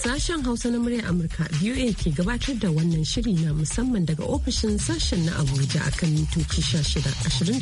Sashen Hausa na muryar Amurka VOA ke gabatar da wannan shiri na musamman daga ofishin sashen na Abuja akan mitoci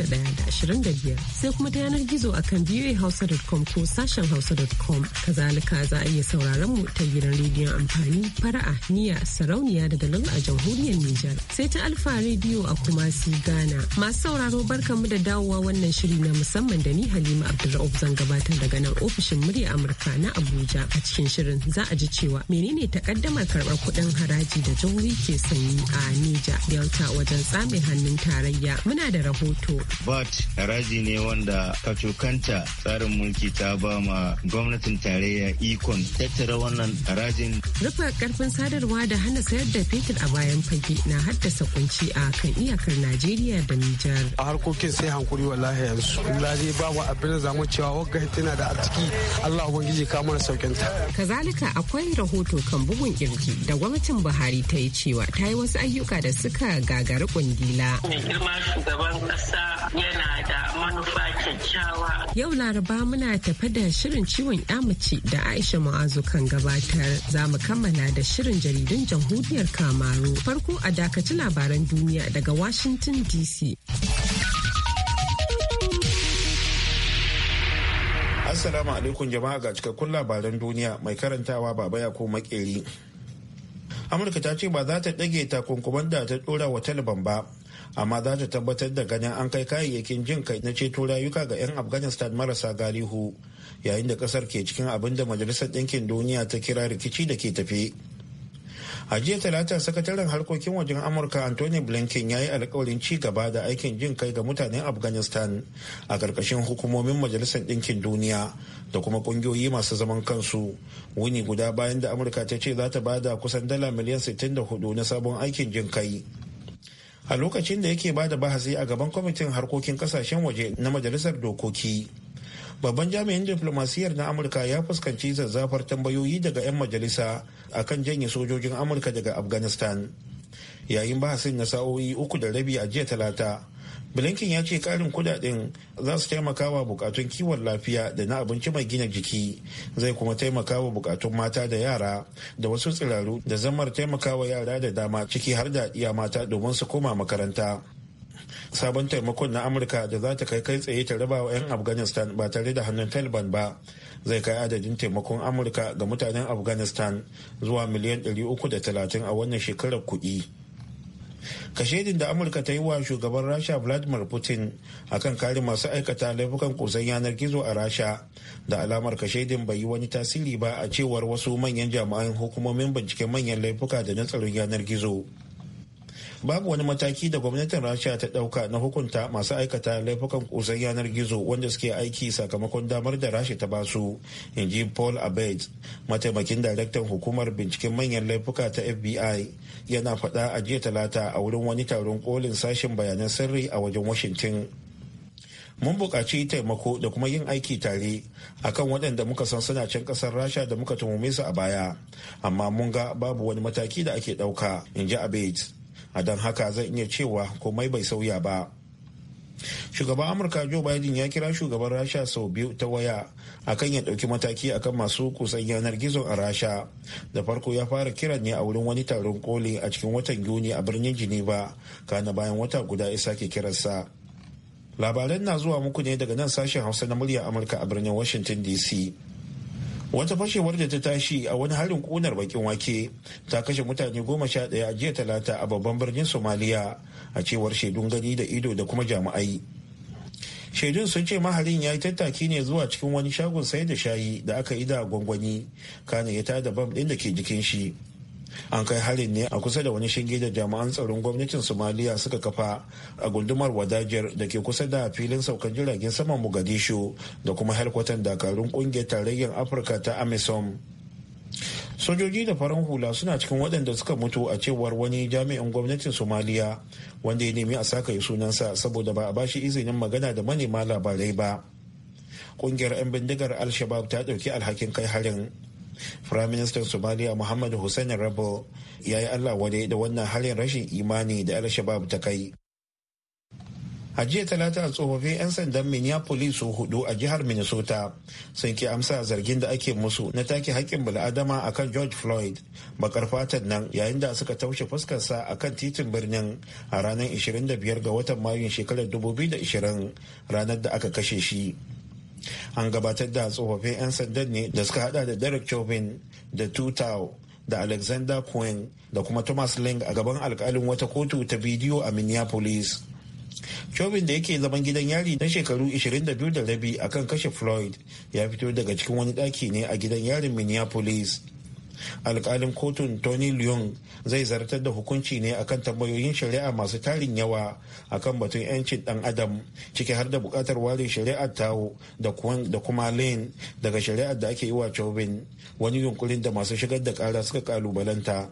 16-21-25 sai kuma ta yanar gizo akan voahausa.com ko sashen hausa.com. Kazalika za a iya sauraron mu ta gidan rediyon amfani fara'a niya sarauniya da nan a jamhuriyar Nijar. Sai ta Alfa rediyo a kuma si Ghana. Masu sauraro barkanmu da dawowa wannan shiri na musamman da ni Halima Abdulrahman zan gabatar daga nan ofishin muryar Amurka na Abuja a cikin shirin za a ji cewa cewa menene takaddamar karbar kudin haraji da jihohi ke sanyi a Nija Delta wajen tsame hannun tarayya. Muna da rahoto. But haraji ne wanda kacokanta tsarin mulki ta ba ma gwamnatin tarayya ikon tattara wannan harajin. Rufe karfin sadarwa da hana sayar da fetur a bayan fage na haddasa kunci a kan iyakar Najeriya da Nijar. A harkokin sai hankuri wallahi yanzu. Lalle babu abin da zamu cewa wagga tana da a Allah Ubangiji ka mana saukinta. Kazalika akwai rahoto kan bugun kirji da gwamnatin Buhari ta yi cewa ta yi wasu ayyuka da suka gagari kundila. Yau Laraba muna tafe da shirin ciwon mace da Aisha Ma'azu kan gabatar. Za mu kammala da shirin jaridun jamhuriyar Kamaru. Farko a dakaci labaran duniya daga Washington DC. Assalamu alaikum jama'a ga cikakkun labaran duniya mai karantawa baba ya ko makeri. Amurka ta ce ba za ta ɗage takunkuman da ta ɗora wa Taliban ba, amma za ta tabbatar da ganin an kai kayayyakin jin kai na ceto rayuka ga 'yan Afghanistan marasa galihu, yayin da ƙasar ke cikin abin da Majalisar Ɗinkin Duniya ta kira rikici da ke tafi. a jiya talata sakataren harkokin wajen amurka anthony blinken ya yi alkawarin ci gaba da aikin jin kai ga mutanen afghanistan a ƙarƙashin hukumomin majalisar ɗinkin duniya da kuma ƙungiyoyi masu zaman kansu wuni guda bayan da amurka ta ce za ta ba da kusan dala miliyan 64 na sabon aikin jin kai a lokacin da yake ba da bahasi a gaban kwamitin harkokin ƙasashen waje na majalisar dokoki babban jami'in diflomasiyyar na amurka ya fuskanci zazzafar tambayoyi daga 'yan majalisa akan janye sojojin amurka daga afghanistan yayin bahasin na sa'o'i uku da rabi a jiya talata blinken ya ce karin kudaden za su taimaka wa bukatun kiwon lafiya da na abinci mai gina jiki zai kuma taimaka wa bukatun mata da yara da wasu tsiraru da zamar taimaka wa yara da dama ciki har da iya mata domin su koma makaranta sabon taimakon na amurka da za ta kai kai tsaye ta raba wa 'yan afghanistan ba tare da hannun taliban ba zai kai adadin taimakon amurka ga mutanen afghanistan zuwa miliyan 330 a wannan shekarar kuɗi kashedin da amurka ta yi wa shugaban rasha vladimir putin akan kare masu aikata laifukan kusan yanar gizo a rasha da alamar kashedin bai yi wani tasiri ba a cewar wasu manyan jami'an hukumomin binciken manyan laifuka da na tsaron yanar gizo babu wani mataki da gwamnatin rasha ta ɗauka na hukunta masu aikata laifukan kusan yanar gizo wanda suke aiki sakamakon damar da rasha ta basu in ji paul abed mataimakin daraktan hukumar binciken manyan laifuka ta fbi yana faɗa a jiya talata a wurin wani taron kolin sashen bayanan sirri a wajen washington mun bukaci taimako da kuma yin aiki tare akan waɗanda muka san suna can ƙasar rasha da muka tumume su a baya amma mun ga babu wani mataki da ake ɗauka in ji abate a don haka zan iya cewa komai bai sauya ba shugaban amurka joe biden ya kira shugaban rasha sau biyu ta waya akan ya dauki mataki akan masu kusan yanar gizo a rasha da farko ya fara kiran ne a wurin wani taron koli a cikin watan yuni a birnin geneva kana bayan wata guda ya sake kiransa labaran na zuwa muku ne daga nan sashen hausa na murya amurka a birnin washington dc wata fashewar da ta tashi a wani harin kunar bakin wake ta kashe mutane goma sha ɗaya a jiya talata a babban birnin somaliya a cewar shaidun gani da ido da kuma jami'ai shaidun sun ce maharin ya yi tattaki ne zuwa cikin wani shagon sayar da shayi da aka yi da gwangwani kana ya tada bam ɗin da ke jikin shi an kai harin ne a kusa da wani shinge da jami'an tsaron gwamnatin somaliya suka kafa a gundumar wadajiyar da ke kusa da filin saukan jiragen saman mugadishu da kuma helkwatan dakarun kungiyar tarayyar afirka ta amisom sojoji da farin hula suna cikin waɗanda suka mutu a cewar wani jami'in gwamnatin somaliya wanda ya nemi a saka yi sunansa saboda ba a bashi izinin magana da manema labarai ba kungiyar 'yan bindigar al-shabab ta ɗauki alhakin kai harin Prime Minister Somalia Muhammad Hussein Rabo ya yi Allah wadai da wannan halin rashin imani da Al-Shabaab ta kai. A jiya talata a tsofaffin 'yan sandan Minneapolis su hudu a jihar Minnesota sun ki amsa zargin da ake musu na take haƙƙin bil'adama a kan George Floyd bakar fatan nan yayin da suka taushe fuskarsa a kan titin birnin a ranar 25 ga watan Mayun shekarar 2020 ranar da aka kashe shi. an gabatar da tsofaffin 'yan sanda ne da suka hada da derek chauvin da tutau da alexander cohen da kuma thomas ling a gaban alkalin wata kotu ta bidiyo a minneapolis chauvin da yake zaman gidan yari na shekaru 22 da rabi akan kashe floyd ya fito daga cikin wani daki ne a gidan yarin minneapolis alkalin kotun tony leon zai zartar da hukunci ne akan tambayoyin shari'a masu tarin yawa akan batun 'yancin dan adam ciki har da bukatar ware shari'ar tao da kuma lane daga shari'ar da ake yi wa chauvin wani yunkurin da masu shigar da kara suka kalubalanta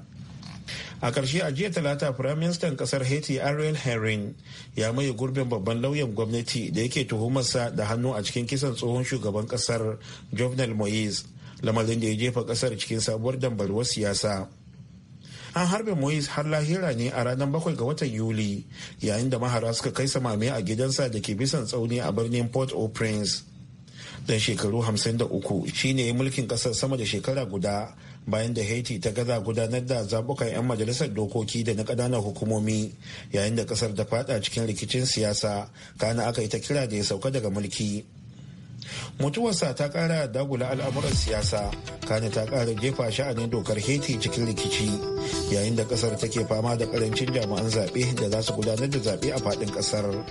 a ƙarshe a jiya talata firaministan ƙasar haiti ariel herring ya maye gurbin babban lauyan gwamnati da yake tuhumarsa da hannu a cikin kisan tsohon shugaban ƙasar jovenel moise lamarin da ya jefa kasar cikin sabuwar dambarwar siyasa an harbe moise har lahira ne a ranar bakwai ga watan yuli yayin da mahara suka kai samame a gidansa da ke bisan tsauni a birnin port au prince dan shekaru 53 shine mulkin kasar sama da shekara guda bayan da haiti ta gaza gudanar da zabukan 'yan majalisar dokoki da na ƙananan hukumomi yayin da kasar da fada cikin rikicin siyasa kana aka yi ta kira da ya sauka daga mulki mutuwarsa ta kara dagula al'amuran siyasa kane ta kara jefa sha'anin dokar heti cikin rikici yayin da kasar take fama da karancin jami'an zaɓe da za su gudanar da zaɓe a faɗin ƙasar.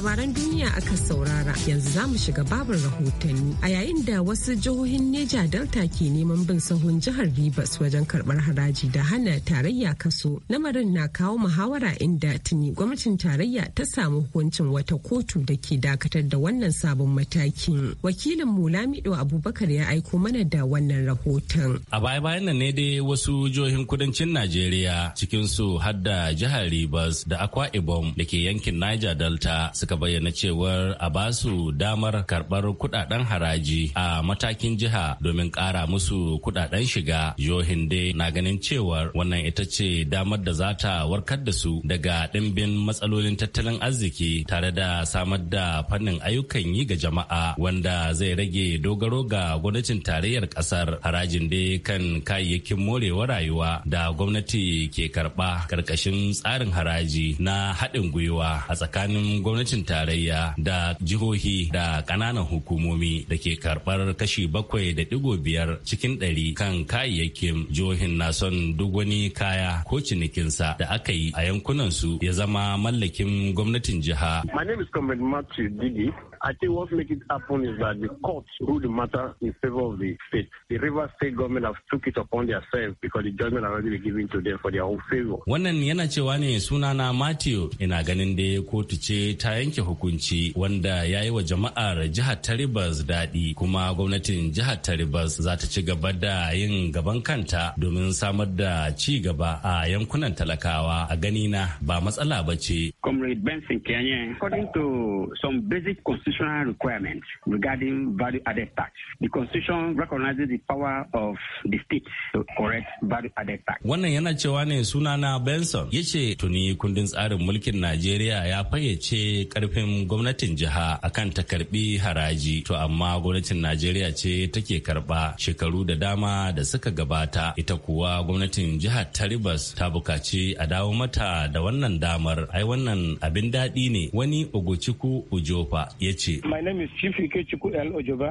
labaran duniya aka saurara yanzu za mu shiga babin rahotanni a yayin da wasu jihohin neja delta ke neman bin sahun jihar rivers wajen karbar haraji da hana tarayya kaso lamarin na kawo muhawara inda tuni gwamnatin tarayya ta samu hukuncin wata kotu da ke dakatar da wannan sabon matakin wakilin mu lamido abubakar ya aiko mana da wannan rahoton a baya bayan nan ne dai wasu jihohin kudancin najeriya cikinsu har da jihar rivers da akwa ibom da ke yankin niger delta suka suka bayyana cewar a ba su damar karɓar kudaden haraji a matakin jiha domin ƙara musu kudaden shiga. Jihohin dai na ganin cewar wannan ita ce damar da za ta warkar da su daga ɗimbin matsalolin tattalin arziki tare da samar da fannin ayyukan yi ga jama'a wanda zai rage dogaro ga gwamnatin tarayyar ƙasar harajin dai kan kayayyakin morewa rayuwa da gwamnati ke karɓa ƙarƙashin tsarin haraji na haɗin gwiwa a tsakanin gwamnatin gwamnatin tarayya da jihohi da kananan hukumomi da ke karbar kashi bakwai da digo biyar cikin ɗari kan kayayyakin jihohin na son duk wani kaya ko cinikinsa da aka yi a yankunan su ya zama mallakin gwamnatin jiha. My I think what makes it happen is that the courts ruled the matter in favor of the state. The River State government have took it upon themselves because the judgment already been given to them for their own favor. Wannan yana cewa ne sunana Matthew ina ganin da kotu ce ta yanke hukunci wanda ya yi wa jama'ar jihar ta Rivers daɗi kuma gwamnatin jihar ta za ta ci gaba da yin gaban kanta domin samar da ci gaba a yankunan talakawa a ganina ba matsala ba ce. Comrade Benson Kenya, according to some basic constitution constitutional requirement regarding value added tax. The constitution recognizes the power of the state to correct value added tax. Wannan yana cewa ne sunana Benson ya ce tuni kundin tsarin mulkin Najeriya ya fayyace karfin gwamnatin jiha akan ta karbi haraji to amma gwamnatin Najeriya ce take karba shekaru da dama da suka gabata ita kuwa gwamnatin jihar ta ta bukaci a dawo mata da wannan damar ai wannan abin daɗi ne wani Ogochukwu Ujofa ya ce. My name is Chief Ikechukwu El Ojoba.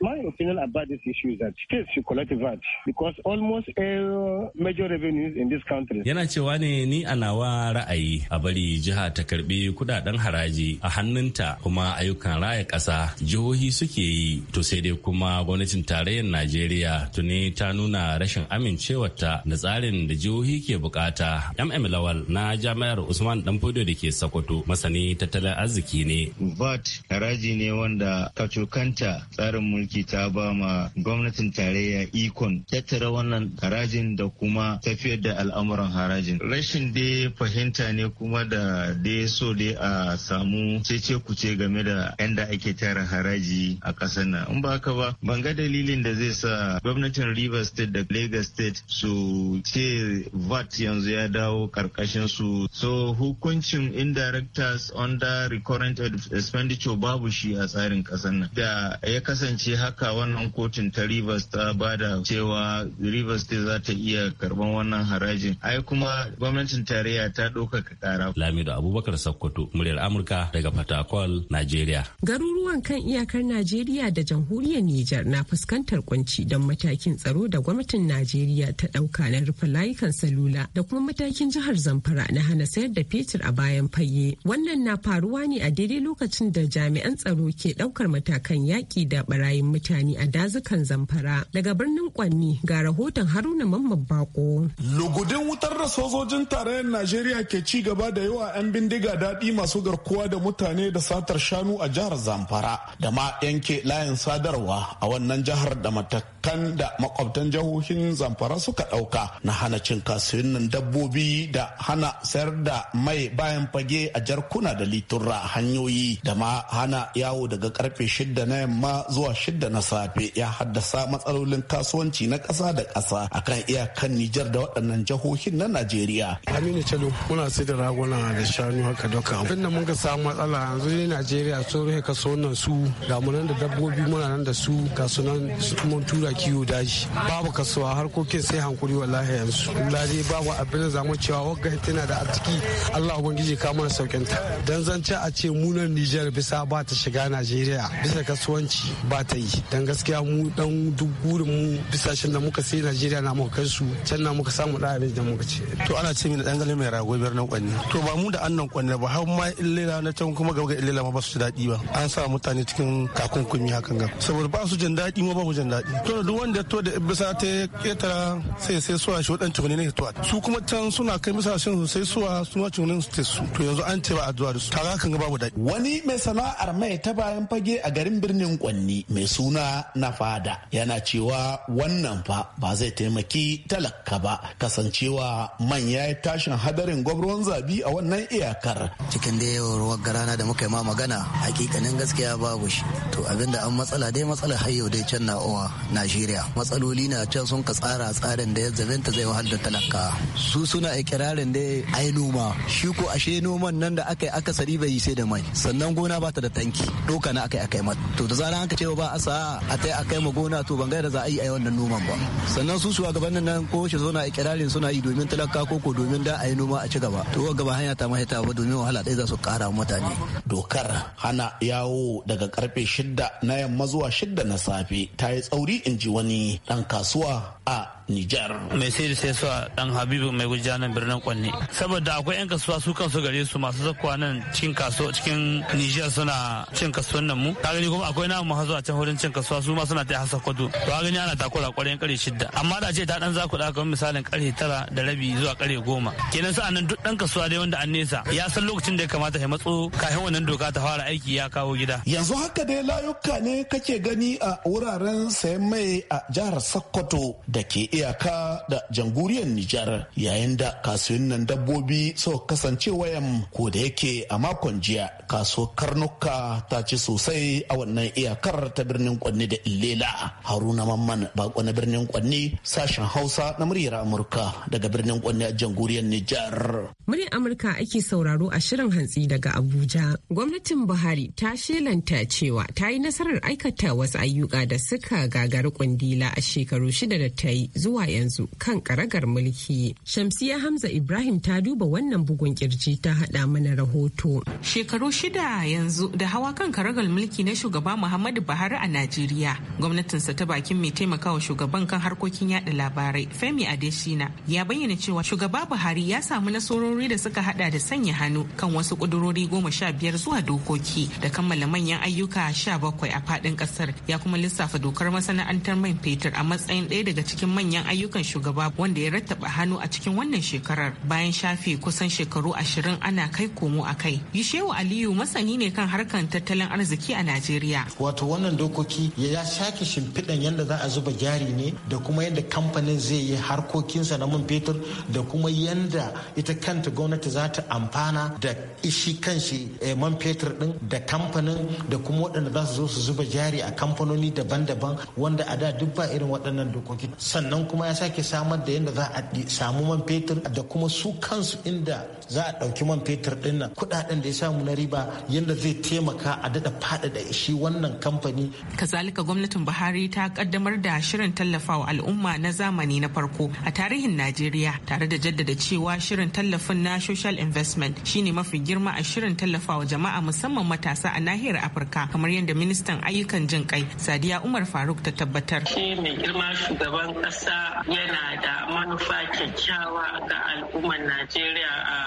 My opinion about this issue is that states should collect VAT because almost all major revenues in this country. Yana cewa ne ni a nawa ra'ayi a bari jiha ta karbi kudaden haraji a hannunta kuma ayyukan raya ƙasa jihohi suke yi to sai dai kuma gwamnatin tarayyar Najeriya tuni ta nuna rashin amincewarta da tsarin da jihohi ke bukata. MM Lawal na jami'ar Usman Danfodo da ke Sokoto masani tattalin arziki ne. haraji ne wanda cokanta tsarin mulki ta ba ma gwamnatin tarayya ikon tattara wannan harajin da kuma tafiyar da al'amuran harajin rashin dai fahimta ne kuma da dai so dai a samu cece kuce game da yadda ake tara haraji a ƙasar na. in ba haka ba ban ga dalilin da zai sa gwamnatin rivers state da lagos state su ce vat yanzu ya dawo karkashin su so hukuncin indirectors under recurrent expenditure ba babu shi a tsarin ƙasar nan da ya kasance haka wannan kotun ta rivers ta bada cewa rivers state za ta iya karban wannan harajin ai kuma gwamnatin tarayya ta ɗaukaka ƙara lamido abubakar sakkwato muryar amurka daga fatakwal nigeria garuruwan kan iyakar nigeria da jamhuriyar niger na fuskantar kunci don matakin tsaro da gwamnatin nigeria ta ɗauka na rufe layukan salula da kuma matakin jihar zamfara na hana sayar da fetur a bayan fayye wannan na faruwa ne a daidai lokacin da jami'an jami'an tsaro ke daukar matakan yaki da barayin mutane a dazukan zamfara daga birnin kwanni ga rahoton haruna mamman bako lugudin wutar da sojojin tarayyar najeriya ke ci gaba da yawa 'yan bindiga daɗi masu garkuwa da mutane da satar shanu a jihar zamfara da ma yanke layin sadarwa a wannan jihar da matakan da makwabtan jihohin zamfara suka ɗauka na hana cin kasuwannin dabbobi da hana sayar da mai bayan fage a jarkuna da litura hanyoyi da ma hana yawo daga karfe shida na yamma zuwa shida na safe ya haddasa matsalolin kasuwanci na ƙasa da ƙasa akan iyakan Nijar da waɗannan jihohin na Najeriya. Aminu Chalo muna sai da raguna da shanu haka doka. Abin da mun ga samu matsala yanzu ne Najeriya sun rufe kaso nan su da da dabbobi muna nan da su kaso nan mun tura kiwo daji. Babu kasuwa harkokin sai hankuri wallahi yanzu. Lalle babu abin da zamu cewa wagga tana da a ciki Allah Ubangiji ka mana sauƙinta. Dan zance a ce munan Nijar bisa ba ta shiga najeriya bisa kasuwanci ba ta yi dan gaskiya mu dan duk burin mu bisashen da muka sai najeriya na muka kai su can na muka samu da abin da muka ce to ana ce mini dangane mai rago biyar na kwanne to ba mu da annan kwanne ba har ma illila na can kuma gaba illila ma ba su ji daɗi ba an sa mutane cikin takunkumi hakan ga saboda ba su jin daɗi ma ba su jin daɗi to duk wanda to da bisa ta ketara sai sai suwa shi wadanci ne ne to su kuma can suna kai bisa sai suwa su cunin su to yanzu an ce ba a zuwa da su kaga kan ga babu daɗi wani mai sana'a armai mai ta bayan fage a garin birnin Kwanni mai suna na fada yana cewa wannan fa ba zai taimaki talaka ba kasancewa man ya tashin hadarin gwabron zabi a wannan iyakar. Cikin da yawar garana da muka yi ma magana hakikanin gaskiya babu shi. To abinda an matsala dai matsala har yau dai can na owa Najeriya. Matsaloli na can sun ka tsara tsarin da ya zai wahalar talaka. Su suna ikirarin da ai noma shi ko ashe noman nan da aka yi akasari bai yi sai da mai sannan gona ba ta da tanki doka na aka kai mata to da zaran aka ce ba a sa a tai kai ma gona to ban ga da za a yi a wannan noman ba sannan su gaban nan ko shi suna ikirarin suna yi domin talaka ko ko domin da a yi noma a ci gaba to gaba hanya ta ta ba domin wahala dai za su kara mutane dokar hana yawo daga karfe shidda na yamma zuwa shidda na safe ta yi tsauri in ji wani dan kasuwa a Nijar. Mai sai da sai suwa dan Habibu mai gujanan birnin Kwanne. Saboda akwai 'yan kasuwa su kansu gare su masu zakuwa nan cikin kaso cikin Nijar suna cin kasuwan nan mu. Ka gani kuma akwai namu hazo a can wurin cin kasuwa su ma suna ta hasa kwado. To ka gani ana takura kwarin kare shidda. Amma da ce ta ɗan zaku da kamar misalin kare tara da rabi zuwa kare goma. Kenan sa'an nan duk ɗan kasuwa dai wanda an nesa ya san lokacin da ya kamata ya matso kafin wannan doka ta fara aiki ya kawo gida. Yanzu haka dai layuka ne kake gani a wuraren sayan mai a jihar Sokoto da ke iyaka da jamhuriyar Nijar yayin da kasuwannin dabbobi suka kasance wayan ko da yake a makon jiya kasuwar karnuka ta ci sosai a wannan iyakar ta birnin Kwanni da Illela. Haruna Mamman bako na birnin Kwanni sashen Hausa na muryar Amurka daga birnin Kwanni a jamhuriyar Nijar. Muryar Amurka ake sauraro a shirin hantsi daga Abuja. Gwamnatin Buhari ta shelanta cewa ta yi nasarar aikata wasu ayyuka da suka gagari ƙundila a shekaru shida da ta yi zuwa zuwa yanzu kan karagar mulki. Shamsiya Hamza Ibrahim ta duba wannan bugun kirji ta hada mana rahoto. Shekaru shida yanzu da hawa kan karagar mulki na shugaba Muhammadu Buhari a Najeriya. Gwamnatinsa ta bakin mai taimakawa shugaban kan harkokin yada labarai Femi Adeshina ya bayyana cewa shugaba Buhari ya samu nasarori da suka hada da sanya hannu kan wasu kudurori goma sha biyar zuwa dokoki da kammala manyan ayyuka sha bakwai a faɗin ƙasar ya kuma lissafa dokar masana'antar man fetur a matsayin ɗaya daga cikin manyan manyan ayyukan shugaba wanda ya rattaba hannu a cikin wannan shekarar bayan shafe kusan shekaru ashirin ana kai komo a kai. Yushewu Aliyu masani ne kan harkar tattalin arziki a Najeriya. Wato wannan dokoki ya sake shimfiɗan yadda za a zuba jari ne da kuma yadda kamfanin zai yi harkokinsa na man fetur da kuma yadda ita kanta gwamnati za ta amfana da ishi kanshi eh, man fetur din da kamfanin da kuma waɗanda za su zo su zuba jari a kamfanoni daban-daban wanda a da duk ba irin waɗannan dokoki sannan kuma ya sake samar da yadda za a samu man fetur da kuma su kansu inda za a ɗauki man fetur ɗin nan kuɗaɗen da ya samu na riba yadda zai taimaka a daɗa faɗaɗa shi wannan kamfani. Kazalika gwamnatin Buhari ta kaddamar da shirin tallafawa al'umma na zamani na farko a tarihin Najeriya tare da jaddada cewa shirin tallafin na social investment shine mafi girma a shirin tallafawa jama'a musamman matasa a nahiyar Afirka kamar yadda ministan ayyukan jin Sadiya Umar Faruk ta tabbatar. Shi mai girma shugaban ƙasa sa yana da manufa kyakkyawa ga al'ummar najeriya a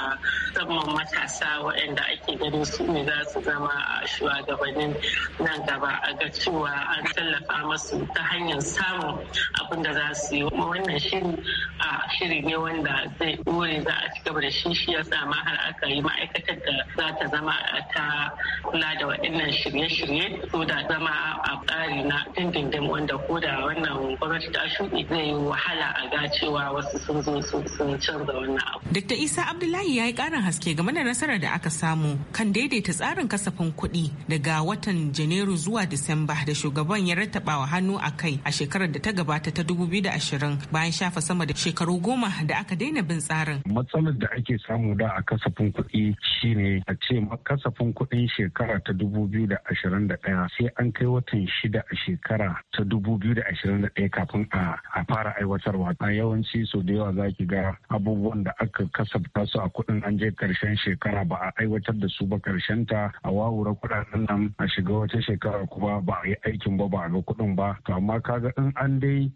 tsamman matasa waɗanda ake ganin su ne za su zama a shugabannin nan gaba a ga cewa an tallafa masu ta hanyar samun abin da za su yi wannan shiri a shiri ne wanda zai ɗore za a ci da shi shi ya ma har aka yi ma'aikatar da za ta zama ta kula da waɗannan shirye-shirye so da zama a tsari na dindindin wanda ko da wannan gwamnati ta shuɗe zai yi wahala a ga cewa wasu sun zo sun canza wannan abu. Dr. Isa Abdullahi ya yi ƙarin haske game da nasarar da aka samu kan daidaita tsarin kasafin kuɗi daga watan Janairu zuwa Disamba da shugaban ya wa hannu a kai a shekarar da ta gabata ta 2020 bayan shafa sama da shekaru goma da aka daina bin tsarin. Matsalar da ake samu da a kasafin kuɗi shine a ce kasafin kuɗin shekara ta 2021 sai an kai watan shida a shekara ta 2021 kafin a fara fara aiwatarwa a yawanci su da yawa za ki ga abubuwan da aka kasafta su a kuɗin an je karshen shekara ba a aiwatar da su ba karshen ta a wawura kudaden nan a shiga wata shekara kuma ba a yi aikin ba ba a ga kuɗin ba to amma kaga in an dai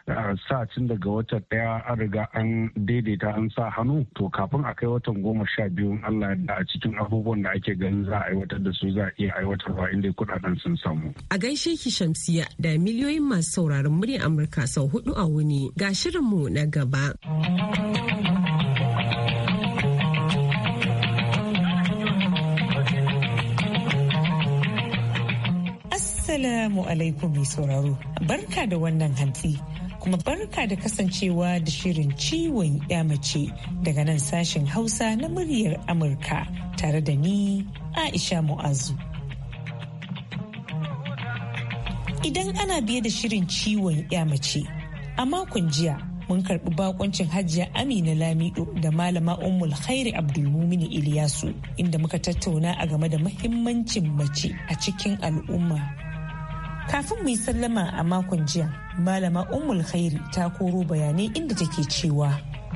sa tun daga wata daya an riga an daidaita an sa hannu to kafin a kai watan goma sha biyu Allah da a cikin abubuwan da ake ganin za a aiwatar da su za a iya aiwatarwa inda kudaden sun samu. A gaishe ki Shamsiya da miliyoyin masu sauraron muryar Amurka sau hudu a wuni Ga shirinmu na gaba. Assalamu alaikum mai sauraro, barka da wannan hantsi. kuma barka da kasancewa da shirin ciwon mace daga nan sashen hausa na muryar amurka tare da ni aisha mu'azu idan ana biye da shirin ciwon mace a makon jiya mun karɓi bakoncin hajiya amina lamido da malama ummul khairi abdulmumini iliyasu inda muka tattauna a game da mahimmancin mace a cikin al'umma kafin mu yi sallama a makon jiya malama ummul khairi ta koro bayanai inda take cewa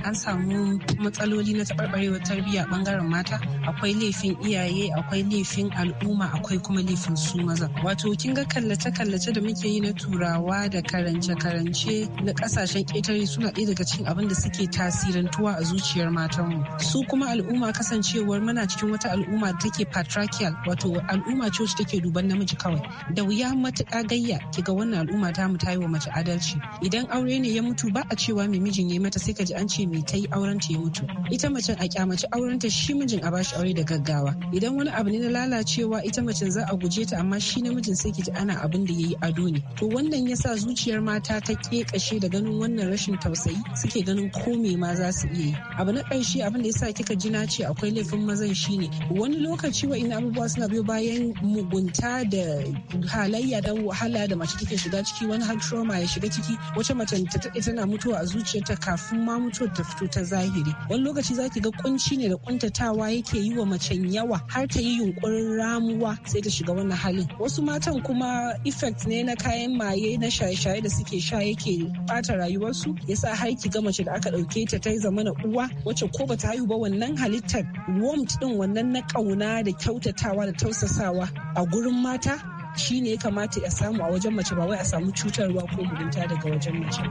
an samu matsaloli na taɓarɓarewar tarbiyya ɓangaren mata akwai laifin iyaye akwai laifin al'umma akwai kuma laifin su maza wato kin ga kallace-kallace da muke yi na turawa da karance-karance na ƙasashen ƙetare suna ɗaya daga cikin abin da suke tasirantuwa a zuciyar matanmu su kuma al'umma kasancewar muna cikin wata al'umma da take patriarchal wato al'umma ce wacce take duban namiji kawai da wuya matuƙa gayya ga wannan al'umma ta mu tayi wa mace adalci idan aure ne ya mutu ba a cewa mai mijin ya mata sai ka ji an ce mai ta yi auren ta ya mutu ita macen a kyamaci auren ta shi mijin a bashi aure da gaggawa idan wani abu ne na lalacewa ita macen za a guje ta amma shi namijin sai ki ji ana abin da yayi ado ne to wannan yasa zuciyar mata ta kashe da ganin wannan rashin tausayi suke ganin ko me ma za su iya yi abu na ƙarshe abin da yasa kika ji na ce akwai laifin mazan shi ne wani lokaci wa ina abubuwa suna biyo bayan mugunta da halayya da wahala da mace take shiga ciki wani har trauma ya shiga ciki wacce mace ta tana mutuwa a zuciyarta kafin ma mutuwar ta ta fito ta zahiri wani lokaci zaki ga kunci ne da kuntatawa yake yi wa macen yawa har ta yi yunkurin ramuwa sai ta shiga wani halin wasu matan kuma effect ne na kayan maye na shaye-shaye da suke sha yake bata rayuwarsu yasa har ki ga mace da aka dauke ta ta zama na uwa wacce ko bata haihu ba wannan halittar warmth din wannan na kauna da kyautatawa da tausasawa a gurin mata shi ne ya kamata ya samu a wajen mace ba wai a samu cutarwa ko mugunta daga wajen mace.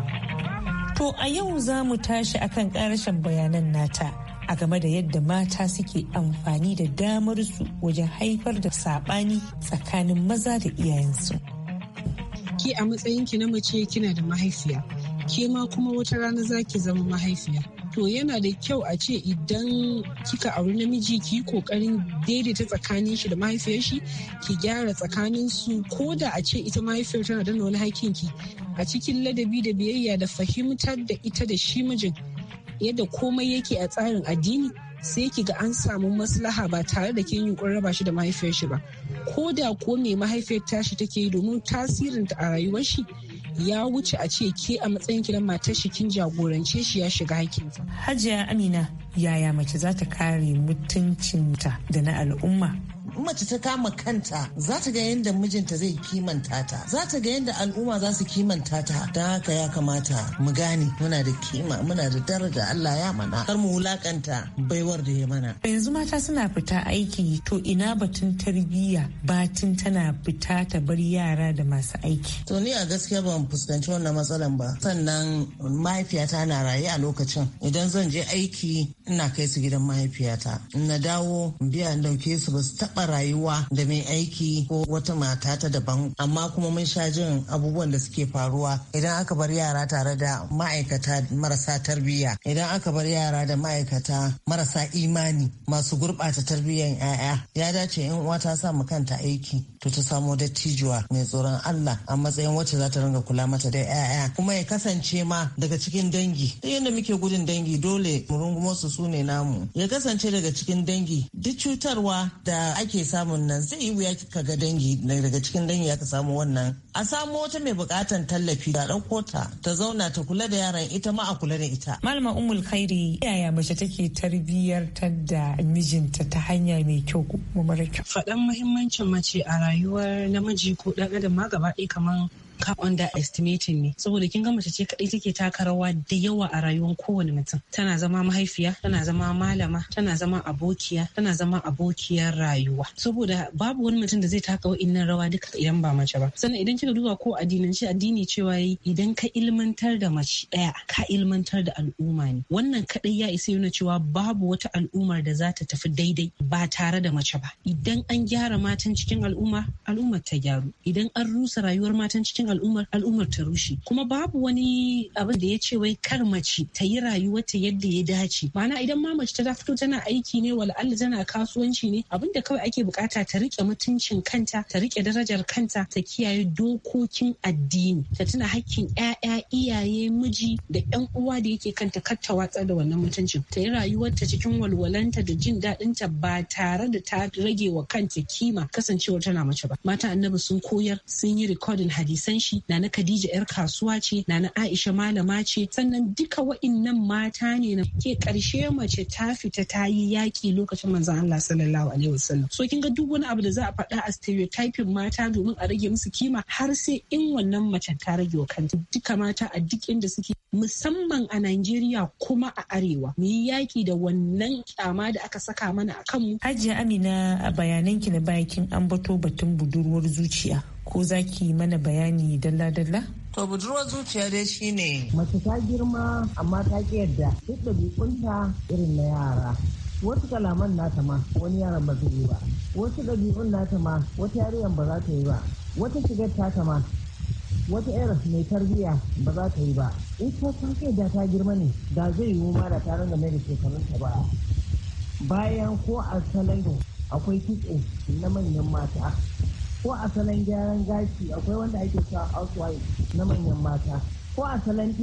To a yau za mu tashi akan ƙarashin bayanan nata a game da yadda mata suke amfani da damar su wajen haifar da saɓani tsakanin maza da iyayensu. Ki a matsayin ki na mace kina da mahaifiya, ke ma kuma wata rana zaki zama mahaifiya. to yana da kyau a ce idan kika auri namiji ki yi kokarin daidaita tsakanin shi da mahaifiyar shi ki gyara tsakanin su ko da a ce ita mahaifiyar tana da wani hakin ki a cikin ladabi da biyayya da fahimtar da ita da shi mijin yadda komai yake a tsarin addini sai ki ga an samu maslaha ba tare da kin yunkurin raba shi da mahaifiyar shi ba ko da ko me mahaifiyar tashi take yi domin tasirinta a rayuwar shi ya wuce a ce ke a matsayin kiran matar shi kin jagorance shi ya shiga hakinsa. Hajiya Amina yaya mace za ta kare mutuncinta da na al'umma mace ta kama kanta za ta ga yadda mijinta zai kimanta ta za ta ga yadda al'umma za su kimanta ta don haka ya kamata mu gane muna da kima muna da daraja Allah ya mana kar mu wulakanta baiwar da ya mana yanzu mata suna fita aiki to ina batun tarbiyya batun tana fita ta bar yara da masu aiki to ni a gaskiya ban fuskanci wannan matsalan ba sannan mahaifiyata na raye a lokacin idan zan je aiki ina kai su gidan mahaifiyata na dawo biya dauke su ba su taba taɓa rayuwa da mai aiki ko wata mata ta daban amma kuma mun sha jin abubuwan da suke faruwa idan aka bar yara tare da ma'aikata marasa tarbiyya idan aka bar yara da ma'aikata marasa imani masu gurɓata tarbiyyar 'ya'ya ya dace in uwa ta sa mu kanta aiki to ta samo dattijuwa mai tsoron Allah a matsayin wacce za ta ringa kula mata da 'ya'ya kuma ya kasance ma daga cikin dangi duk yadda muke gudun dangi dole mu rungumo su sune namu ya kasance daga cikin dangi duk cutarwa da ake ake samun nan zai yi wuya ka ga dangi daga cikin dangi aka samu wannan a samu wata mai bukatan tallafi da ɗauko ta ta zauna ta kula da yaran ita ma a kula da ita. Malama Umul Khairi yaya mace take tarbiyyar da mijinta ta hanya mai kyau ko mara kyau. Faɗan muhimmancin mace a rayuwar namiji ko ɗan adam ma gaba ɗaya kamar cap underestimating ne saboda kin ga mace ce kadai take taka rawa da yawa a rayuwar kowane mutum tana zama mahaifiya tana zama malama tana zama abokiya tana zama abokiyar rayuwa saboda babu wani mutum da zai taka wa'innan rawa duka idan ba mace ba sannan idan kika duba ko addinance addini cewa yi idan ka ilmantar da mace daya ka ilmantar da al'umma ne wannan kadai ya isa yana cewa babu wata al'ummar da za ta tafi daidai ba tare da mace ba idan an gyara matan cikin al'umma al'ummar ta gyaru idan an rusa rayuwar matan cikin al'ummar ta rushe kuma babu wani abin da ya ce wai kar mace ta yi rayuwar ta yadda ya dace ma'ana idan ma mace ta fito tana aiki ne wal'alla tana kasuwanci ne abin da kawai ake bukata ta rike mutuncin kanta ta rike darajar kanta ta kiyaye dokokin addini ta tuna hakkin ƴaƴa iyaye miji da ƴan uwa da yake kanta kar ta watsar da wannan mutuncin ta yi rayuwar ta cikin walwalanta da jin daɗinta ba tare da ta rage wa kanta kima kasancewar tana mace ba mata annabi sun koyar sun yi rikodin hadisai san shi na na Khadija yar kasuwa ce na na Aisha malama ce sannan duka wa'innan mata ne na ke karshe mace ta fita ta yi yaki lokacin manzon Allah sallallahu alaihi wasallam so kin duk wani abu da za a faɗa a stereotyping mata domin a rage musu kima har sai in wannan mace ta rage wa kanta duka mata a duk inda suke musamman a Najeriya kuma a arewa mu yi yaki da wannan kyama da aka saka mana a kanmu Hajiya Amina a bayananki na bakin an bato batun budurwar zuciya ko za ki mana bayani dalla-dalla? To budurwar zuciya dai shi ne. Mace ta girma amma ta ki yadda duk da bikunta irin na yara. Wasu kalaman nata ma wani yaran ba zai yi ba. Wasu ɗabi'un nata ma wata yariyan ba za ta yi ba. Wata shigar ta ma wata yara mai tarbiya ba za ta yi ba. In ta ki yadda ta girma ne da zai yiwu ma da ta ranga mai da ta ba. Bayan ko a salon akwai kitse na manyan mata ko a salon gyaran gashi akwai wanda ake sa housewife na manyan mata ko a salon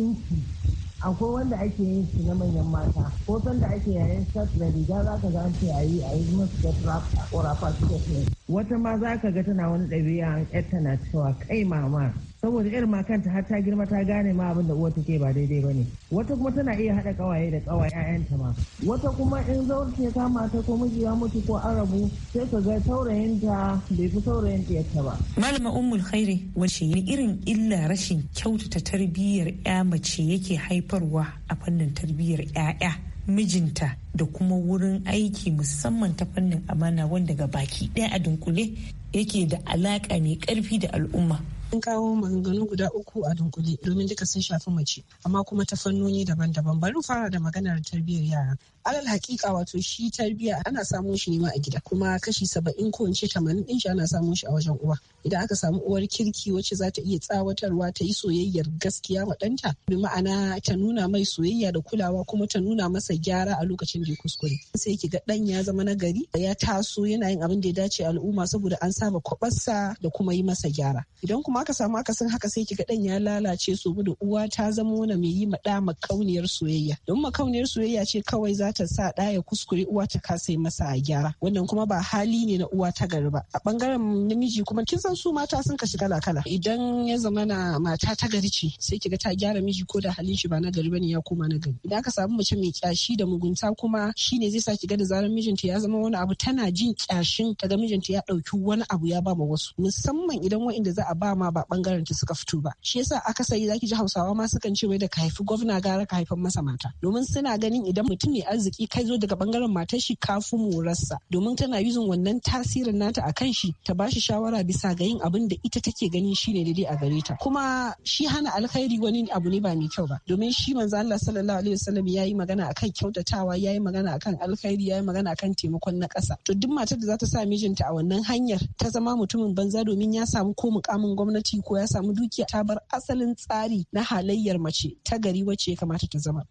akwai wanda ake yin shi na manyan mata ko sanda ake yayin shirt da riga za ka ga an ce a yi a yi musu da rafa su wata ma za ka ga tana wani ɗabi'a an yar tana cewa kai mama saboda yar makanta har ta girma ta gane ma abin da uwar take ba daidai ba ne wata kuma tana iya haɗa ƙawaye da ƙawa ƴaƴanta ma wata kuma in zo ta kama ta ko miji ya mutu ko an rabu sai ka ga saurayinta bai fi saurayin ta ba malama ummul khairi wace ne irin illa rashin kyautata tarbiyyar ƴa mace yake haifarwa a fannin tarbiyyar ƴaƴa mijinta da kuma wurin aiki musamman ta fannin amana wanda ga baki ɗaya a dunkule yake da alaƙa mai ƙarfi da al'umma Sun kawo maganganu guda uku a dunkule domin duka sun shafi mace amma kuma ta fannoni daban-daban. Bari fara da maganar tarbiyyar yara. alal hakika wato shi tarbiya. ana samun shi ne ma a gida kuma kashi saba'in ko in ce tamanin din shi ana samun shi a wajen uwa idan aka samu uwar kirki wacce za ta iya tsawatarwa ta yi soyayyar gaskiya ma ɗanta bi ma'ana ta nuna mai soyayya da kulawa kuma ta nuna masa gyara a lokacin da ya kuskure sai ki ga ɗan ya zama na gari ya taso yana yin abin da ya dace al'umma saboda an saba kwabarsa da kuma yi masa gyara idan kuma aka samu akasin haka sai ki ga ɗan ya lalace saboda uwa ta zama wani mai yi ma ɗa makauniyar soyayya don makauniyar soyayya ce kawai za ta sa ɗa ya kuskure uwa ta kasa yi masa a gyara wannan kuma ba hali ne na uwa ta gari ba a bangaren namiji kuma kin san su mata sun kashi kala kala idan ya zama na mata ta gari ce sai kiga ta gyara miji ko da halin shi ba na gari bane ya koma na gari idan aka samu mace mai kyashi da mugunta kuma shine zai sa kiga da zaran mijinta ya zama wani abu tana jin kyashin ta ga mijinta ya ɗauki wani abu ya ba ma wasu musamman idan wa'inda za a ba ma ba bangaren ta suka fito ba shi yasa aka sai zaki ji hausawa ma sukan ce wai da ka haifi gwamna gara ka haifan masa mata domin suna ganin idan mutum ne arziki kai zo daga bangaren matar shi kafin morarsa domin tana yuzin wannan tasirin nata a kan shi ta ba shi shawara bisa ga yin abin da ita take ganin ne daidai a gare ta kuma shi hana alkhairi wani abu ne ba mai kyau ba domin shi manzo Allah sallallahu alaihi wasallam yayi magana akan kyautatawa yayi magana akan alkhairi yayi magana akan taimakon na ƙasa to duk matar da za ta sa mijinta a wannan hanyar ta zama mutumin banza domin ya samu ko mukamin gwamnati ko ya samu dukiya ta bar asalin tsari na halayyar mace ta gari wacce ya kamata ta zama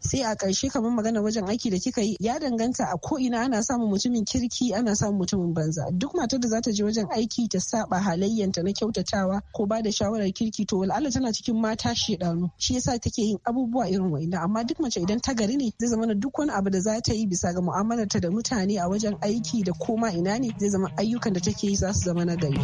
sai a ƙarshe kamar magana wajen aiki da kika yi ya danganta a ko ina ana samun mutumin kirki ana samun mutumin banza duk matar da za ta je wajen aiki ta saba halayyanta na kyautatawa ko ba da shawarar kirki to wal'ala tana cikin mata shedanu shi yasa take yin abubuwa irin wa'inda amma duk mace idan ta gari ne zai zama duk wani abu da za ta yi bisa ga mu'amalarta da mutane a wajen aiki da koma ina ne zai zama ayyukan da take yi za su zama na gari.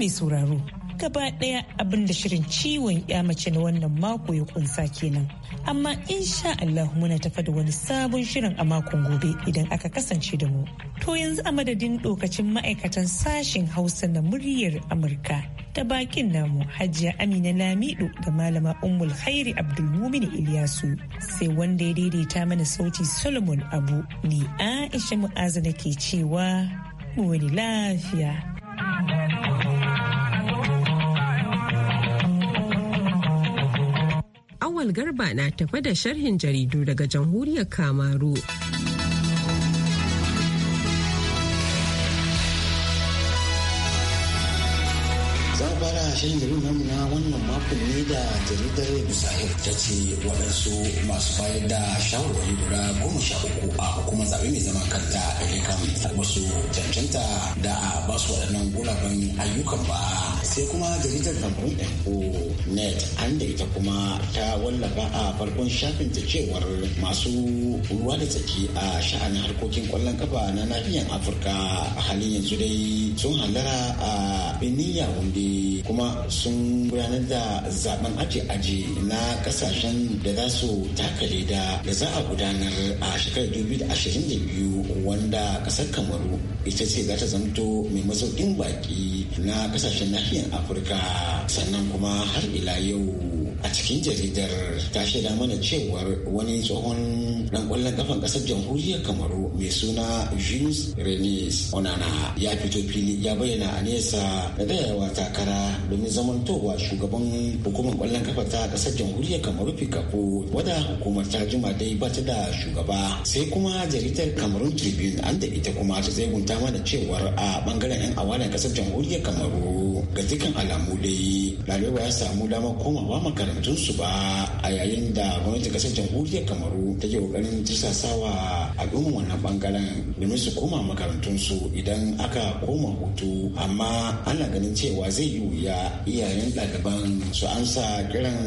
mai sauraro gaba ɗaya abin da shirin ciwon ya mace na wannan mako ya kunsa kenan. Amma insha Allah muna tafa da wani sabon shirin a makon gobe idan aka kasance da mu. To yanzu a madadin dokacin ma'aikatan sashen Hausa na muryar Amurka ta bakin namu Hajiya Amina Lamido da Malama Ummul Khairi Abdulmumin Ilyasu sai wanda ya daidaita mana sauti Solomon Abu ni Aisha mu'azana ke cewa mu wani lafiya. Samuel Garba na tafa da sharhin jaridu daga jamhuriyar Kamaru. shirin jaridar na wannan makon ne da jaridar Musahir ta ce waɗansu masu bayar da shawarwari guda goma sha uku a hukumar zaɓe mai zaman kanta Elekan wasu cancanta da a ba su waɗannan gulaben ayyukan ba sai kuma jaridar Gabon Ɗanko net an da ita kuma ta wallafa a farkon shafin ta cewar masu ruwa da tsaki a sha'anin harkokin kwallon kafa na nahiyar Afirka a halin yanzu dai sun halara a Benin Yawunde kuma sun gudanar da zaben aji aji na kasashen da za su taka leda da za a gudanar a shekarar 2022 wanda kasar kamaru ita ce za ta zamto mai mazaukin baki na kasashen nahiyar afirka sannan kuma har ila yau a cikin jaridar ta shaida mana cewar wani tsohon dan kwallon kafan kasar jamhuriyar kamaru mai suna Jules Renis Onana ya fito fili ya bayyana a nesa da dayawa takara domin zamantowa shugaban hukumar kwallon kafa ta kasar jamhuriyar Kamaru Fikafo wadda hukumar ta jima dai ba ta da shugaba sai kuma jaridar kamarun Tribune an da ita kuma ta gunta mana cewar a bangaren 'yan awalan kasar jamhuriyar Kamaru ga dukkan alamu dai ba ya samu damar komawa su ba a yayin da gwamnatin kasar jamhuriyar Kamaru take kokarin tirsasawa al'umman wannan bangaren domin su koma makarantunsu idan aka koma hutu amma ana ganin cewa zai yi wuya iyayen ɗaliban su ansa kiran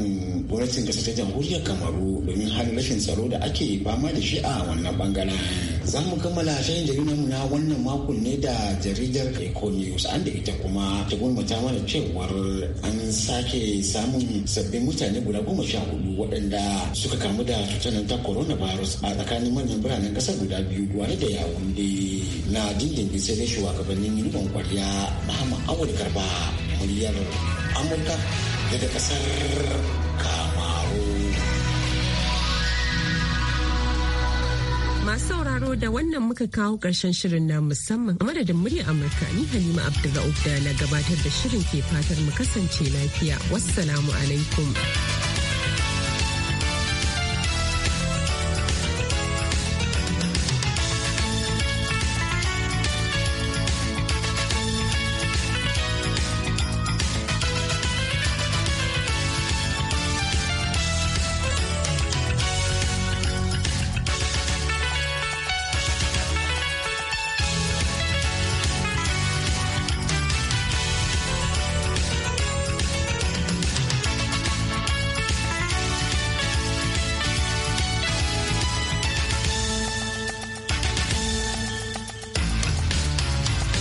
gwamnatin ƙasa ta jamhuriyar kamaru domin hali rashin tsaro da ake fama da shi a wannan bangaren za mu kammala shayin jaridar mu na wannan makon ne da jaridar eco news an da ita kuma ta ta mana cewar an sake samun sabbin mutane guda goma sha hudu waɗanda suka kamu da cutar ta coronavirus a tsakanin manyan biranen ƙasar guda biyu duwane da yawon na dindindin sai da shugabannin yunifon kwarya muhammad awul garba muryar amurka daga ƙasar Masu sauraro da wannan muka kawo ƙarshen shirin na musamman a madadin murya Amurka ni Halima Abdullahi da na gabatar da shirin ke fatar mu kasance lafiya. Wassalamu alaikum.